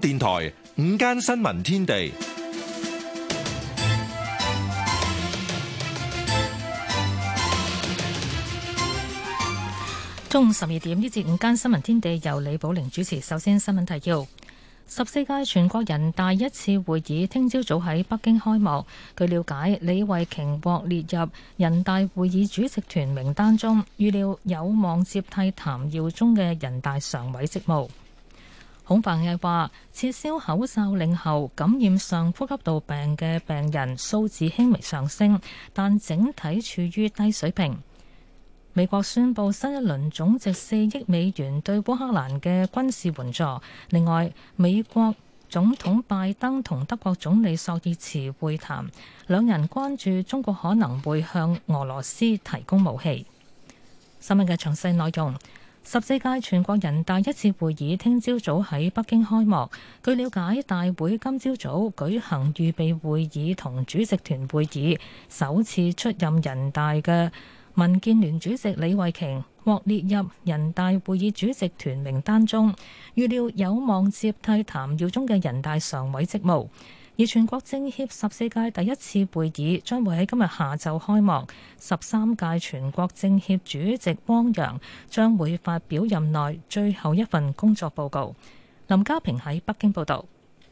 電台五間新聞天地，中午十二點呢節五間新聞天地由李寶玲主持。首先新聞提要：十四屆全國人大一次會議聽朝早喺北京開幕。據了解，李慧瓊獲列入人大會議主席團名單中，預料有望接替譚耀宗嘅人大常委職務。孔繁毅話：撤銷口罩令後，感染上呼吸道病嘅病人數字輕微上升，但整體處於低水平。美國宣布新一輪總值四億美元對烏克蘭嘅軍事援助。另外，美國總統拜登同德國總理朔爾茨會談，兩人關注中國可能會向俄羅斯提供武器。新聞嘅詳細內容。十四屆全國人大一次會議聽朝早喺北京開幕。據了解，大會今朝早舉行預備會議同主席團會議，首次出任人大嘅民建聯主席李慧瓊獲列入人大會議主席團名單中，預料有望接替譚耀宗嘅人大常委職務。而全國政協十四屆第一次會議將會喺今日下晝開幕，十三屆全國政協主席汪洋將會發表任內最後一份工作報告。林家平喺北京報道。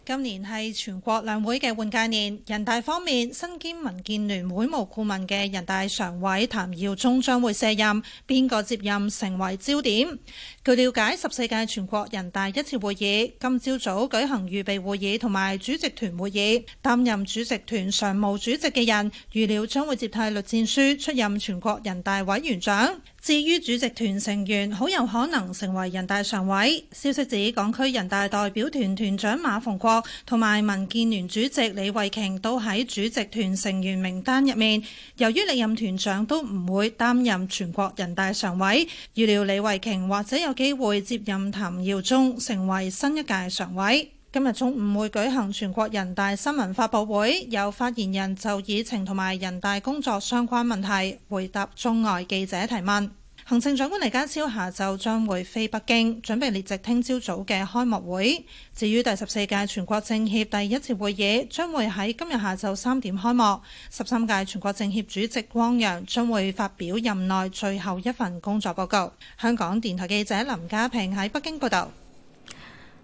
今年係全國兩會嘅換屆年，人大方面，身兼民建聯會務顧問嘅人大常委譚耀宗將會卸任，邊個接任成為焦點？據了解，十四屆全國人大一次會議今朝早舉行預備會議同埋主席團會議，擔任主席團常務主席嘅人預料將會接替栗戰書出任全國人大委員長。至於主席團成員，好有可能成為人大常委。消息指，港區人大代表團團長馬逢國同埋民建聯主席李慧瓊都喺主席團成員名單入面。由於歷任團長都唔會擔任全國人大常委，預料李慧瓊或者有機會接任譚耀宗，成為新一屆常委。今日中午會舉行全國人大新聞發布會，有發言人就議程同埋人大工作相關問題回答中外記者提問。行政長官李家超下晝將會飛北京，準備列席聽朝早嘅開幕會。至於第十四屆全國政協第一次會議，將會喺今日下晝三點開幕。十三屆全國政協主席汪洋將會發表任內最後一份工作報告。香港電台記者林家平喺北京報道。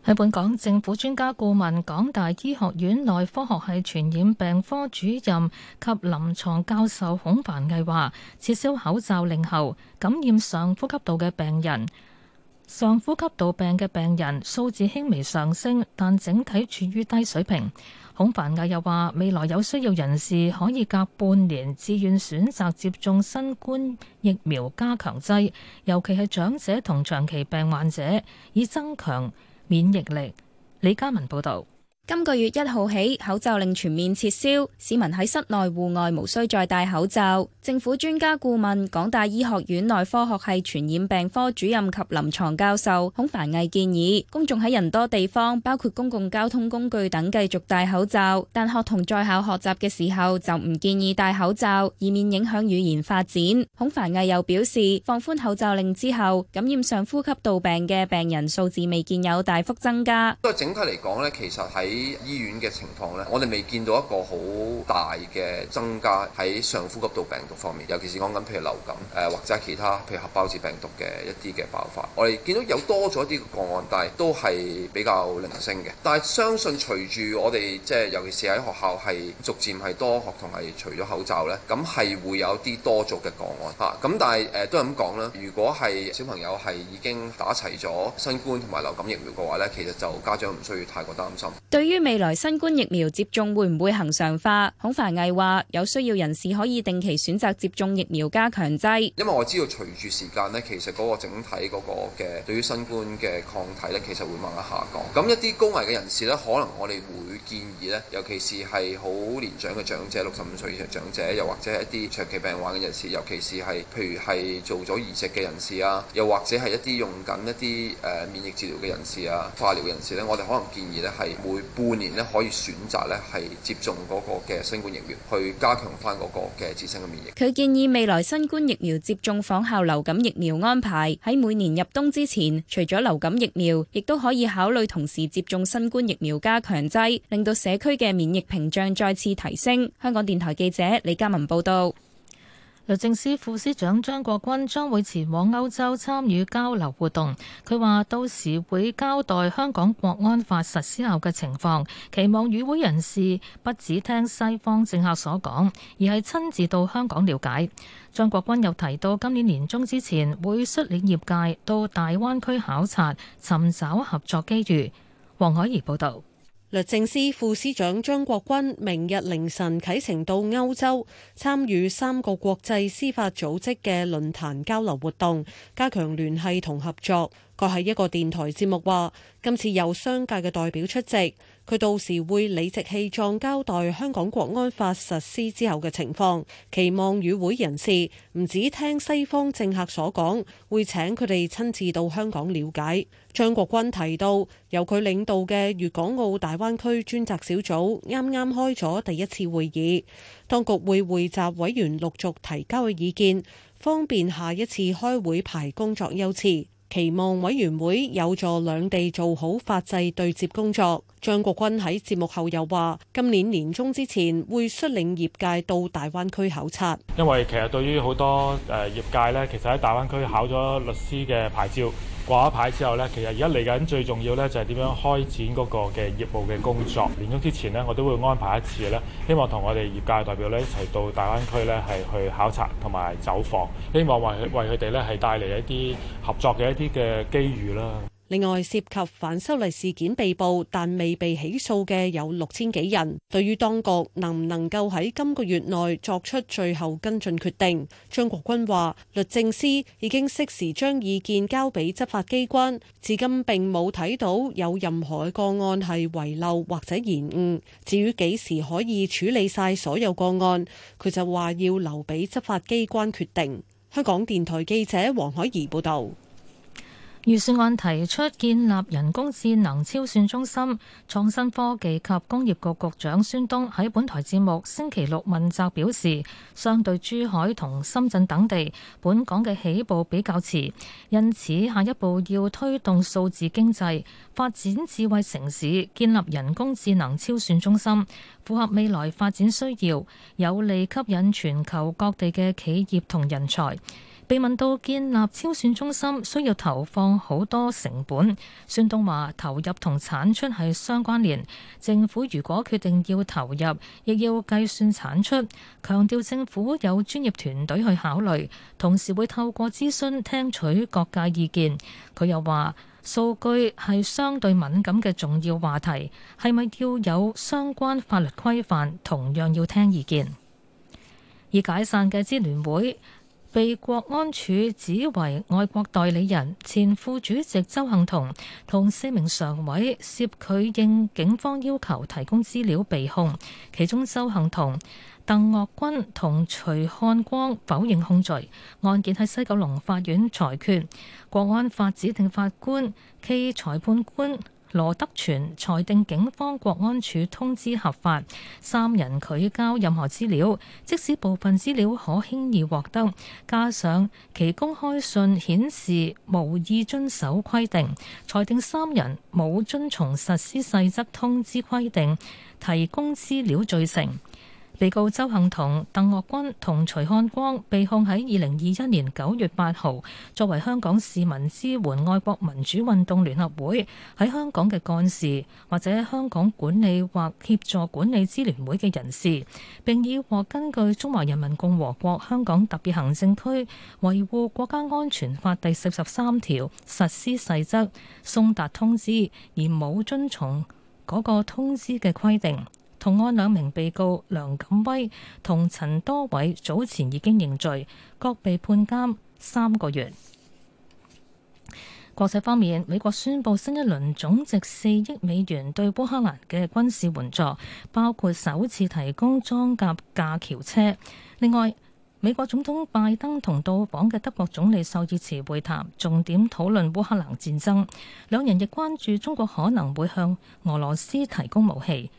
喺本港，政府專家顧問、港大醫學院內科學系傳染病科主任及臨床教授孔凡毅話：撤銷口罩令後，感染上呼吸道嘅病人、上呼吸道病嘅病人數字輕微上升，但整體處於低水平。孔凡毅又話：未來有需要人士可以隔半年自願選擇接種新冠疫苗加強劑，尤其係長者同長期病患者，以增強免疫力。李嘉文報道。今個月一號起，口罩令全面撤銷，市民喺室內、戶外無需再戴口罩。政府專家顧問、港大醫學院內科學系傳染病科主任及臨床教授孔繁毅建議，公眾喺人多地方，包括公共交通工具等，繼續戴口罩。但學童在校學習嘅時候就唔建議戴口罩，以免影響語言發展。孔繁毅又表示，放寬口罩令之後，感染上呼吸道病嘅病人數字未見有大幅增加。不過，整體嚟講呢其實係。喺醫院嘅情況呢，我哋未見到一個好大嘅增加喺上呼吸道病毒方面，尤其是講緊譬如流感，誒、呃、或者其他譬如合胞病毒嘅一啲嘅爆發。我哋見到有多咗啲個，個案，但係都係比較零星嘅。但係相信隨住我哋即係尤其是喺學校係逐漸係多學童係除咗口罩呢，咁係會有啲多咗嘅個案嚇。咁、啊、但係誒、呃、都係咁講啦，如果係小朋友係已經打齊咗新冠同埋流感疫苗嘅話呢，其實就家長唔需要太過擔心。對於未來新冠疫苗接種會唔會恒常化？孔繁毅話：有需要人士可以定期選擇接種疫苗加強劑。因為我知道隨住時間呢，其實嗰個整體嗰個嘅對於新冠嘅抗體呢，其實會慢慢下降。咁一啲高危嘅人士呢，可能我哋會建議呢，尤其是係好年長嘅長者，六十五歲以上長者，又或者係一啲長期病患嘅人士，尤其是係譬如係做咗移植嘅人士啊，又或者係一啲用緊一啲誒免疫治療嘅人士啊、化療人士呢，我哋可能建議呢係每半年呢，可以選擇呢係接種嗰個嘅新冠疫苗，去加強翻嗰個嘅自身嘅免疫。佢建議未來新冠疫苗接種仿效流感疫苗安排，喺每年入冬之前，除咗流感疫苗，亦都可以考慮同時接種新冠疫苗加強劑，令到社區嘅免疫屏障再次提升。香港電台記者李嘉文報道。財政司副司長張國軍將會前往歐洲參與交流活動。佢話到時會交代香港國安法實施後嘅情況，期望與會人士不止聽西方政客所講，而係親自到香港了解。張國軍又提到，今年年中之前會率領業界到大灣區考察，尋找合作機遇。黃海怡報道。律政司副司長張國軍明日凌晨啟程到歐洲，參與三個國際司法組織嘅論壇交流活動，加強聯繫同合作。佢係一個電台節目話，今次有商界嘅代表出席，佢到時會理直氣壯交代香港國安法實施之後嘅情況，期望與會人士唔止聽西方政客所講，會請佢哋親自到香港了解。張國軍提到，由佢領導嘅粵港澳大灣區專責小組啱啱開咗第一次會議，當局會匯集委員陸續提交嘅意見，方便下一次開會排工作優次。期望委員會有助兩地做好法制對接工作。張國軍喺節目後又話：今年年中之前會率領業界到大灣區考察。因為其實對於好多誒業界咧，其實喺大灣區考咗律師嘅牌照。掛牌之後呢，其實而家嚟緊最重要呢，就係點樣開展嗰個嘅業務嘅工作。年終之前呢，我都會安排一次呢，希望同我哋業界代表呢，一齊到大灣區呢，係去考察同埋走訪，希望為為佢哋呢，係帶嚟一啲合作嘅一啲嘅機遇啦。另外，涉及反修例事件被捕但未被起訴嘅有六千幾人。對於當局能唔能夠喺今個月內作出最後跟進決定，張國鈞話律政司已經適時將意見交俾執法機關，至今並冇睇到有任何個案係遺漏或者延誤，至於幾時可以處理晒所有個案，佢就話要留俾執法機關決定。香港電台記者黃海怡報道。預算案提出建立人工智能超算中心，創新科技及工業局局長孫東喺本台節目星期六問責表示，相對珠海同深圳等地，本港嘅起步比較遲，因此下一步要推動數字經濟、發展智慧城市、建立人工智能超算中心，符合未來發展需要，有利吸引全球各地嘅企業同人才。被問到建立超算中心需要投放好多成本，孫東話：投入同產出係相關聯，政府如果決定要投入，亦要計算產出。強調政府有專業團隊去考慮，同時會透過諮詢聽取各界意見。佢又話：數據係相對敏感嘅重要話題，係咪要有相關法律規範，同樣要聽意見。已解散嘅支聯會。被國安處指為外國代理人，前副主席鄒幸彤同四名常委涉拒應警方要求提供資料被控，其中鄒幸彤、鄧岳君同徐漢光否認控罪。案件喺西九龍法院裁決，國安法指定法官暨裁判官，羅德全裁定，警方國安處通知合法，三人拒交任何資料，即使部分資料可輕易獲得。加上其公開信顯示無意遵守規定，裁定三人冇遵從實施細則通知規定，提供資料罪成。被告周幸彤、鄧岳君同徐漢光被控喺二零二一年九月八號，作為香港市民支援愛國民主運動聯合會喺香港嘅幹事，或者香港管理或協助管理支聯會嘅人士，並已獲根據《中華人民共和國香港特別行政區維護國家安全法》第四十三條實施細則送達通知，而冇遵從嗰個通知嘅規定。同案兩名被告梁錦威同陳多偉早前已經認罪，各被判監三個月。國際方面，美國宣布新一輪總值四億美元對烏克蘭嘅軍事援助，包括首次提供裝甲架橋車。另外，美國總統拜登同到訪嘅德國總理朔爾茨會談，重點討論烏克蘭戰爭。兩人亦關注中國可能會向俄羅斯提供武器。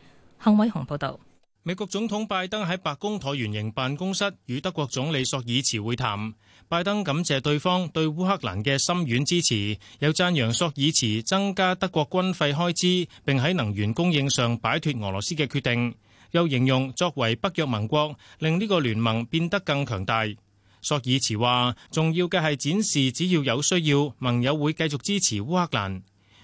康偉雄報道，美國總統拜登喺白宮橢圓形辦公室與德國總理索爾茨會談。拜登感謝對方對烏克蘭嘅深遠支持，又贊揚索爾茨增加德國軍費開支，並喺能源供應上擺脫俄羅斯嘅決定，又形容作為北約盟國，令呢個聯盟變得更強大。索爾茨話，重要嘅係展示只要有需要，盟友會繼續支持烏克蘭。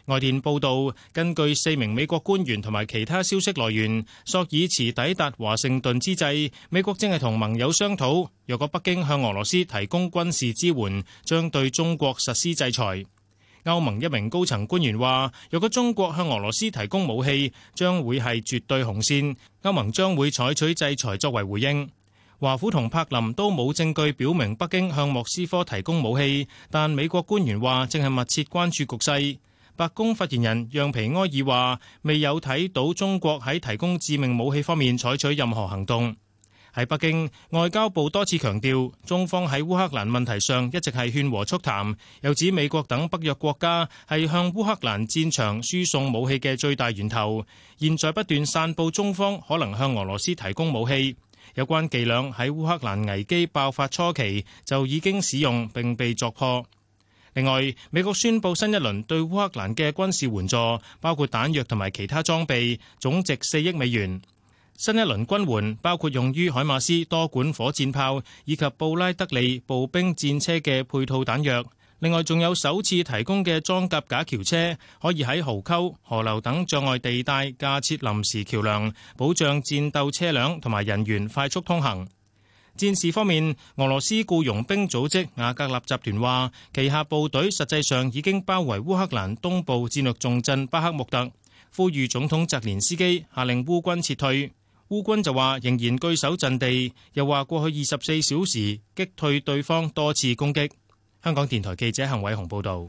外電報道，根據四名美國官員同埋其他消息來源，索爾茨抵達華盛頓之際，美國正係同盟友商討，若果北京向俄羅斯提供軍事支援，將對中國實施制裁。歐盟一名高層官員話，若果中國向俄羅斯提供武器，將會係絕對紅線，歐盟將會採取制裁作為回應。華府同柏林都冇證據表明北京向莫斯科提供武器，但美國官員話正係密切關注局勢。白宮發言人讓皮埃爾話：未有睇到中國喺提供致命武器方面採取任何行動。喺北京，外交部多次強調，中方喺烏克蘭問題上一直係勸和促談，又指美國等北約國家係向烏克蘭戰場輸送武器嘅最大源頭。現在不斷散布中方可能向俄羅斯提供武器，有關伎倆喺烏克蘭危機爆發初期就已經使用並被作破。另外，美國宣布新一輪對烏克蘭嘅軍事援助，包括彈藥同埋其他裝備，總值四億美元。新一輪軍援包括用於海馬斯多管火箭炮以及布拉德利步兵戰車嘅配套彈藥。另外，仲有首次提供嘅裝甲架橋車，可以喺壕溝、河流等障礙地帶架設臨時橋梁，保障戰鬥車輛同埋人員快速通行。戰事方面，俄羅斯僱傭兵組織瓦格納集團話，旗下部隊實際上已經包圍烏克蘭東部戰略重鎮巴克穆特，呼籲總統澤連斯基下令烏軍撤退。烏軍就話仍然據守陣地，又話過去二十四小時擊退對方多次攻擊。香港電台記者陳偉雄報導。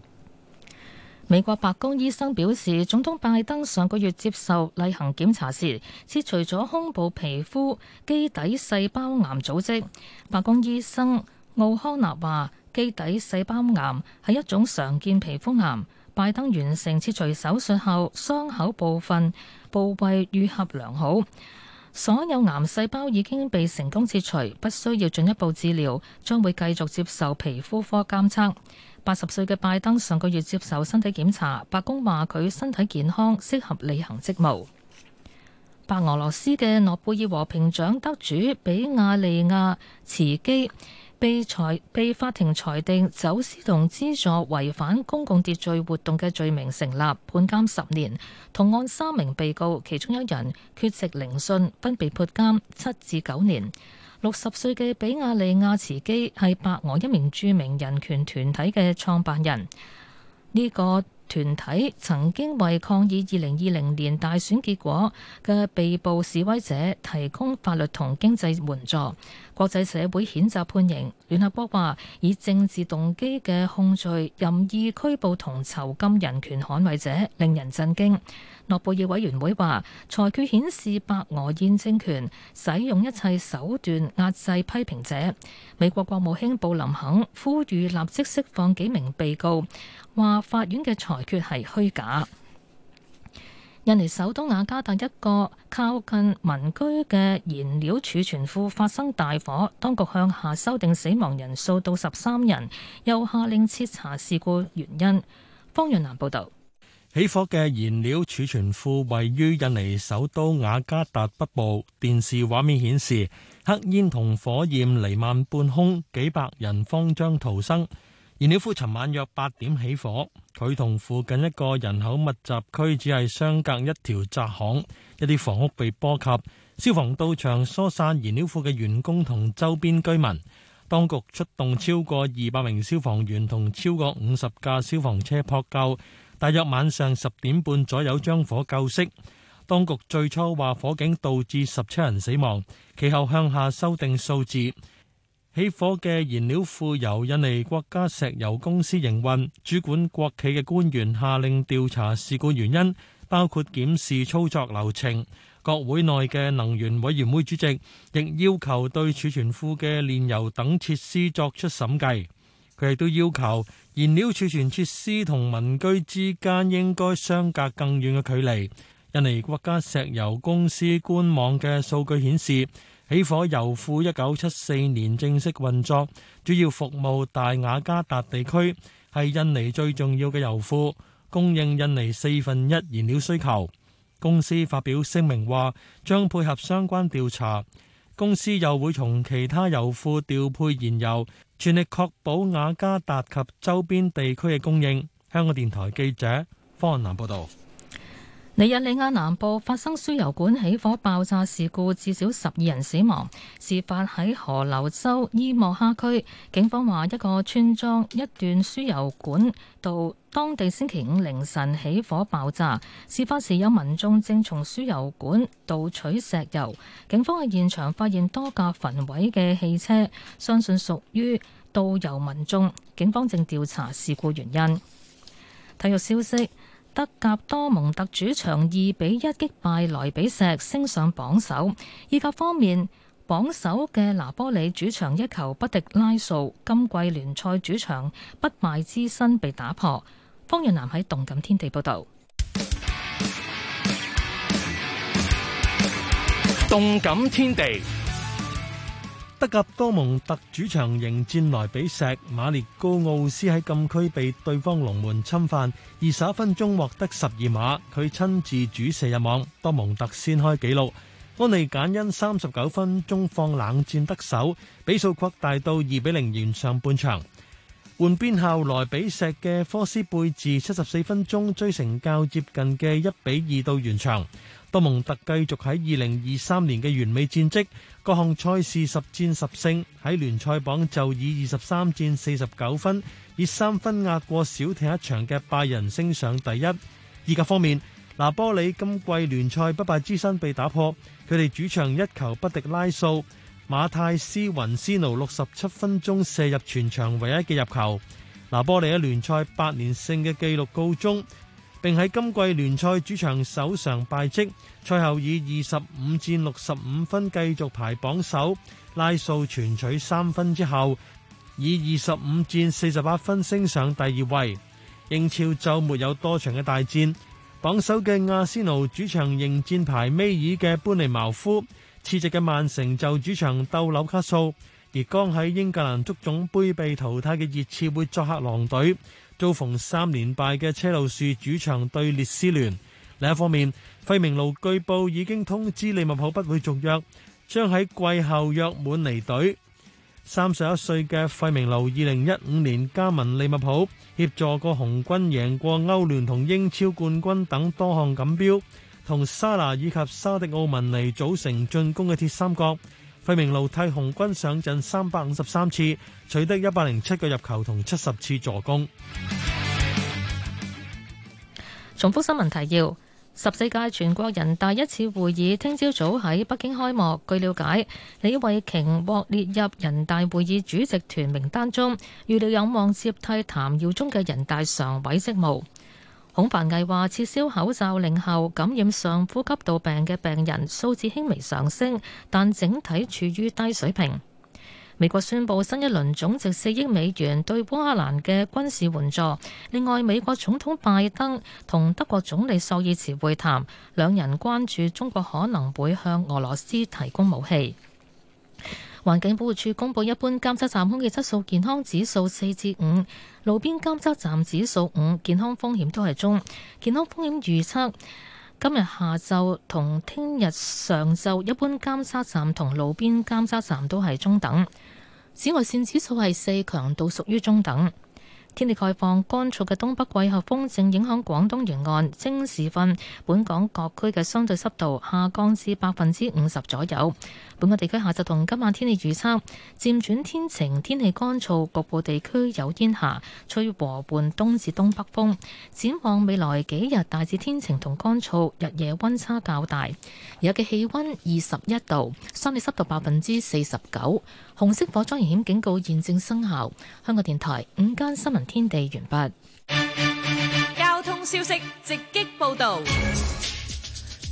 美國白宮醫生表示，總統拜登上個月接受例行檢查時，切除咗胸部皮膚基底細胞癌組織。白宮醫生奧康納話，基底細胞癌係一種常見皮膚癌。拜登完成切除手術後，傷口部分部位愈合良好。所有癌細胞已經被成功切除，不需要進一步治療，將會繼續接受皮膚科監測。八十歲嘅拜登上個月接受身體檢查，白宮話佢身體健康，適合履行職務。白俄羅斯嘅諾貝爾和平獎得主比亞利亞茨基，被裁被法庭裁定走私同資助違反公共秩序活動嘅罪名成立，判監十年。同案三名被告，其中一人缺席聆訊，分別判監七至九年。六十歲嘅比亞利亞茨基係白俄一名著名人權團體嘅創辦人。呢、這個團體曾經為抗議二零二零年大選結果嘅被捕示威者提供法律同經濟援助，國際社會譴責判刑。聯合國話：以政治動機嘅控罪、任意拘捕同囚禁人權捍衞者令人震驚。諾貝爾委員會話裁決顯示白俄現政權使用一切手段壓制批評者。美國國務卿布林肯呼籲立即釋放幾名被告，話法院嘅裁決係虛假。印尼首都雅加達一個靠近民居嘅燃料儲存庫發生大火，當局向下修訂死亡人數到十三人，又下令徹查事故原因。方潤南報導。起火嘅燃料儲存庫位於印尼首都雅加達北部。電視畫面顯示，黑煙同火焰彌漫半空，幾百人慌張逃生。燃料庫尋晚約八點起火，佢同附近一個人口密集區只係相隔一條窄巷，一啲房屋被波及。消防到場疏散燃料庫嘅員工同周邊居民，當局出動超過二百名消防員同超過五十架消防車撲救。大約晚上十點半左右將火救熄。當局最初話火警導致十七人死亡，其後向下修訂數字。起火嘅燃料庫由印尼國家石油公司營運，主管國企嘅官員下令調查事故原因，包括檢視操作流程。國會內嘅能源委員會主席亦要求對儲存庫嘅煉油等設施作出審計。佢哋都要求燃料儲存設施同民居之間應該相隔更遠嘅距離。印尼國家石油公司官網嘅數據顯示，起火油庫一九七四年正式運作，主要服務大雅加達地區，係印尼最重要嘅油庫，供應印尼四分一燃料需求。公司發表聲明話將配合相關調查，公司又會從其他油庫調配燃油。全力確保雅加達及周邊地區嘅供應。香港電台記者方漢南報道。尼日利亞南部發生輸油管起火爆炸事故，至少十二人死亡。事發喺河流州伊莫哈區，警方話一個村莊一段輸油管道，當地星期五凌晨起火爆炸。事發時有民眾正從輸油管盜取石油，警方喺現場發現多架焚毀嘅汽車，相信屬於盜油民眾。警方正調查事故原因。體育消息。德甲多蒙特主場二比一擊敗萊比錫，升上榜首。意甲方面，榜首嘅拿波里主場一球不敵拉素，今季聯賽主場不敗之身被打破。方潤南喺動感天地報道。動感天地。德甲多蒙特主場迎戰萊比錫，馬列高奧斯喺禁區被對方龍門侵犯，二十一分鐘獲得十二碼，佢親自主射入網，多蒙特先開紀錄。安利簡恩三十九分鐘放冷箭得手，比數擴大到二比零完上半場。換邊後，萊比錫嘅科斯貝治七十四分鐘追成較接近嘅一比二到完場。多蒙特繼續喺二零二三年嘅完美戰績，各項賽事十戰十勝，喺聯賽榜就以二十三戰四十九分，以三分壓過少踢一場嘅拜仁，升上第一。意甲方面，拿波里今季聯賽不敗之身被打破，佢哋主場一球不敵拉素，馬泰斯雲斯奴六十七分鐘射入全場唯一嘅入球，拿波里喺聯賽八連勝嘅紀錄告終。並喺今季聯賽主場首嘗敗績，賽後以二十五戰六十五分繼續排榜首，拉數全取三分之後，以二十五戰四十八分升上第二位。英超週末有多場嘅大戰，榜首嘅阿仙奴主場迎戰排尾二嘅般尼茅夫，次席嘅曼城就主場鬥紐卡素，而剛喺英格蘭足總杯被淘汰嘅熱刺會作客狼隊。遭逢三連敗嘅車路士主場對列斯聯。另一方面，費明奴據報已經通知利物浦不會續約，將喺季後約滿離隊。三十一歲嘅費明奴，二零一五年加盟利物浦，協助過紅軍贏過歐聯同英超冠軍等多項錦標，同沙拿以及沙迪奧文尼組成進攻嘅鐵三角。費明路替紅軍上陣三百五十三次，取得一百零七個入球同七十次助攻。重複新聞提要：十四屆全國人大一次會議聽朝早喺北京開幕。據了解，李慧瓊獲列入人大會議主席團名單中，預料有望接替譚耀宗嘅人大常委職務。孔繁毅話：撤銷口罩令後，感染上呼吸道病嘅病人數字輕微上升，但整體處於低水平。美國宣佈新一輪總值四億美元對烏克蘭嘅軍事援助。另外，美國總統拜登同德國總理索爾茨會談，兩人關注中國可能會向俄羅斯提供武器。環境保護署公布，一般監測站空氣質素健康指數四至五，路邊監測站指數五，健康風險都係中。健康風險預測今日下晝同聽日上晝，一般監測站同路邊監測站都係中等。紫外綫指數係四，強度屬於中等。天氣概況，乾燥嘅東北季候風正影響廣東沿岸，正午時分，本港各區嘅相對濕度下降至百分之五十左右。本港地區下晝同今晚天氣預測漸轉天晴，天氣乾燥，局部地區有煙霞，吹和緩東至東北風。展望未來幾日，大致天晴同乾燥，日夜温差較大。有嘅氣温二十一度，相對濕度百分之四十九。紅色火災危險警告現正生效。香港電台午間新聞。天地完畢。交通消息直擊報道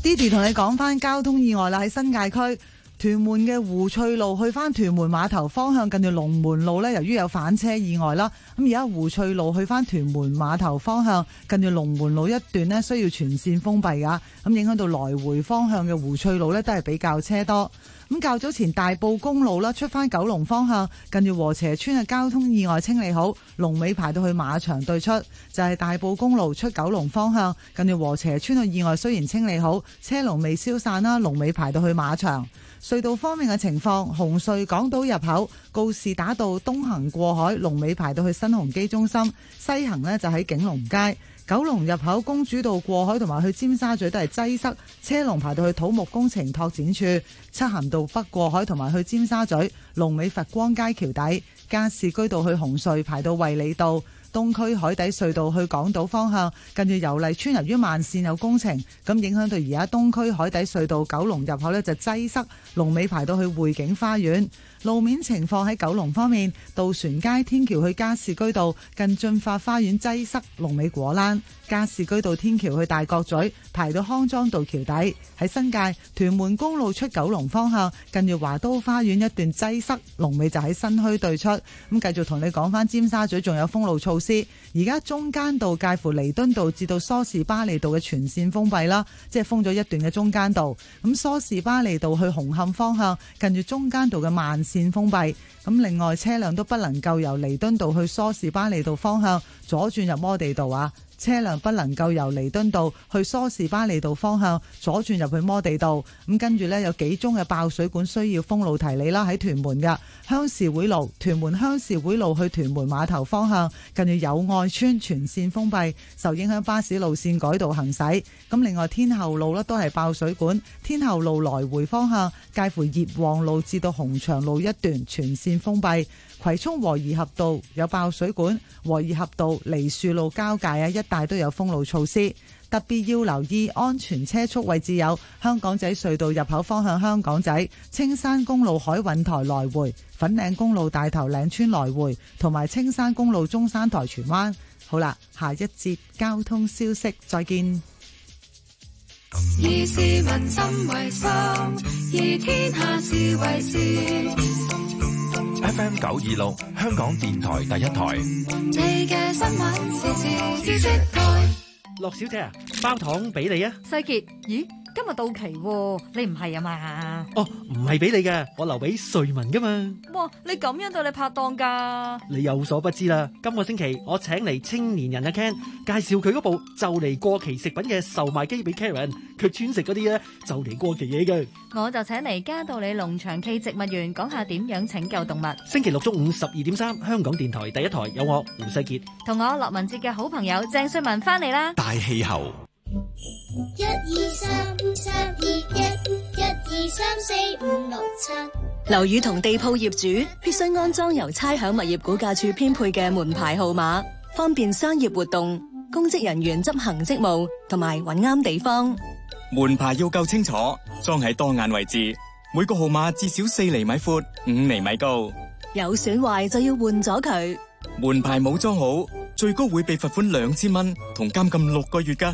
，Didi 同你講翻交通意外啦。喺新界區屯門嘅湖翠路去翻屯門碼頭方向，近住龍門路呢，由於有反車意外啦，咁而家湖翠路去翻屯門碼頭方向，近住龍門路一段呢，需要全線封閉噶，咁影響到來回方向嘅湖翠路呢，都係比較車多。.咁較早前大埔公路啦，出翻九龍方向，近住禾輋村嘅交通意外清理好，龍尾排到去馬場對出，就係、是、大埔公路出九龍方向，近住禾輋村嘅意外雖然清理好，車龍未消散啦，龍尾排到去馬場。隧道方面嘅情況，紅隧港島入口告士打道東行過海，龍尾排到去新鴻基中心；西行呢就喺景隆街，九龍入口公主道過海同埋去尖沙咀都係擠塞，車龍排到去土木工程拓展處；漆咸道北過海同埋去尖沙咀，龍尾佛光街橋底，加士居道去紅隧排到衛理道。東區海底隧道去港島方向，近住油麗邨由於慢線有工程，咁影響到而家東區海底隧道九龍入口呢就擠塞，龍尾排到去匯景花園。路面情況喺九龍方面，渡船街天橋去加士居道近駿發花園擠塞，龍尾果欄；加士居道天橋去大角咀排到康莊道橋底。喺新界屯門公路出九龍方向，近住華都花園一段擠塞，龍尾就喺新墟對出。咁繼續同你講翻，尖沙咀仲有封路措施。而家中間道介乎彌敦道至到梳士巴利道嘅全線封閉啦，即係封咗一段嘅中間道。咁梳士巴利道去紅磡方向，近住中間道嘅慢。線封閉，咁另外車輛都不能夠由彌敦道去梳士巴利道方向左轉入摩地道啊。車輛不能夠由彌敦道去梳士巴利道方向左轉入去摩地道，咁跟住呢，有幾宗嘅爆水管需要封路提理啦，喺屯門嘅鄉事會路，屯門鄉事會路去屯門碼頭方向，近住友愛村全線封閉，受影響巴士路線改道行駛。咁另外天后路咧都係爆水管，天后路來回方向，介乎業旺路至到紅牆路一段全線封閉。葵涌和宜合道有爆水管，和宜合道梨樹路交界啊，一帶都有封路措施。特別要留意安全車速位置有香港仔隧道入口方向香港仔、青山公路海雲台來回、粉嶺公路大頭嶺村來回，同埋青山公路中山台荃灣。好啦，下一節交通消息，再見。以市民心為心，以天下事為事。FM 九二六，香港電台第一台。你嘅新聞時時樂小姐啊，包糖俾你啊。世傑，咦、嗯？今日到期，你唔係啊嘛？哦，唔係俾你嘅，我留俾瑞文噶嘛。哇，你咁樣對你拍檔噶？你有所不知啦，今個星期我請嚟青年人嘅 Ken 介紹佢嗰部就嚟過期食品嘅售賣機俾 Karen，佢專食嗰啲咧就嚟過期嘢嘅。我就請嚟嘉道理農場暨植物園講下點樣拯救動物。星期六中午十二點三，香港電台第一台有我胡世傑同我駱文捷嘅好朋友鄭瑞文翻嚟啦。大氣候。一二三三二一，一二三四五六七。樓宇同地鋪業主必須安裝由差餉物業估價處編配嘅門牌號碼，方便商業活動、公職人員執行職務同埋揾啱地方。門牌要夠清楚，裝喺當眼位置，每個號碼至少四厘米闊，五厘米高。有損壞就要換咗佢。門牌冇裝好，最高會被罰款兩千蚊同監禁六個月噶。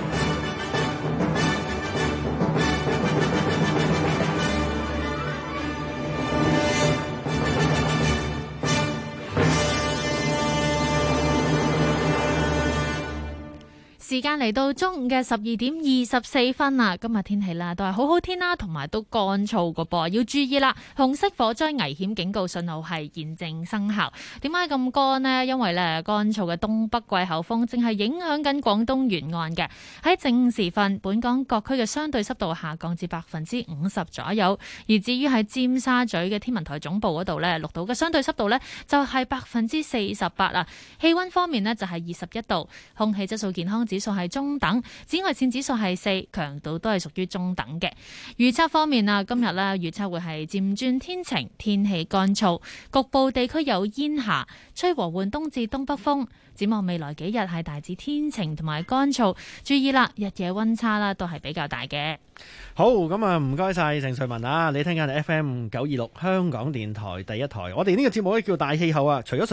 時間嚟到中午嘅十二點二十四分啦，今日天氣啦都係好好天啦，同埋都乾燥個噃，要注意啦！紅色火災危險警告信號係現正生效。點解咁乾呢？因為咧乾燥嘅東北季候風正係影響緊廣東沿岸嘅。喺正午時分，本港各區嘅相對濕度下降至百分之五十左右。而至於喺尖沙咀嘅天文台總部嗰度呢，錄到嘅相對濕度呢就係百分之四十八啦。氣溫方面呢，就係二十一度，空氣質素健康指數係中等，紫外線指數係四，強度都係屬於中等嘅。預測方面啊，今日呢預測會係漸轉天晴，天氣乾燥，局部地區有煙霞，吹和緩東至東北風。展望未來幾日係大致天晴同埋乾燥，注意啦，日夜温差啦都係比較大嘅。好，咁啊唔該晒程瑞文啊，你聽緊係 F M 九二六香港電台第一台，我哋呢個節目呢叫大氣候啊，除咗。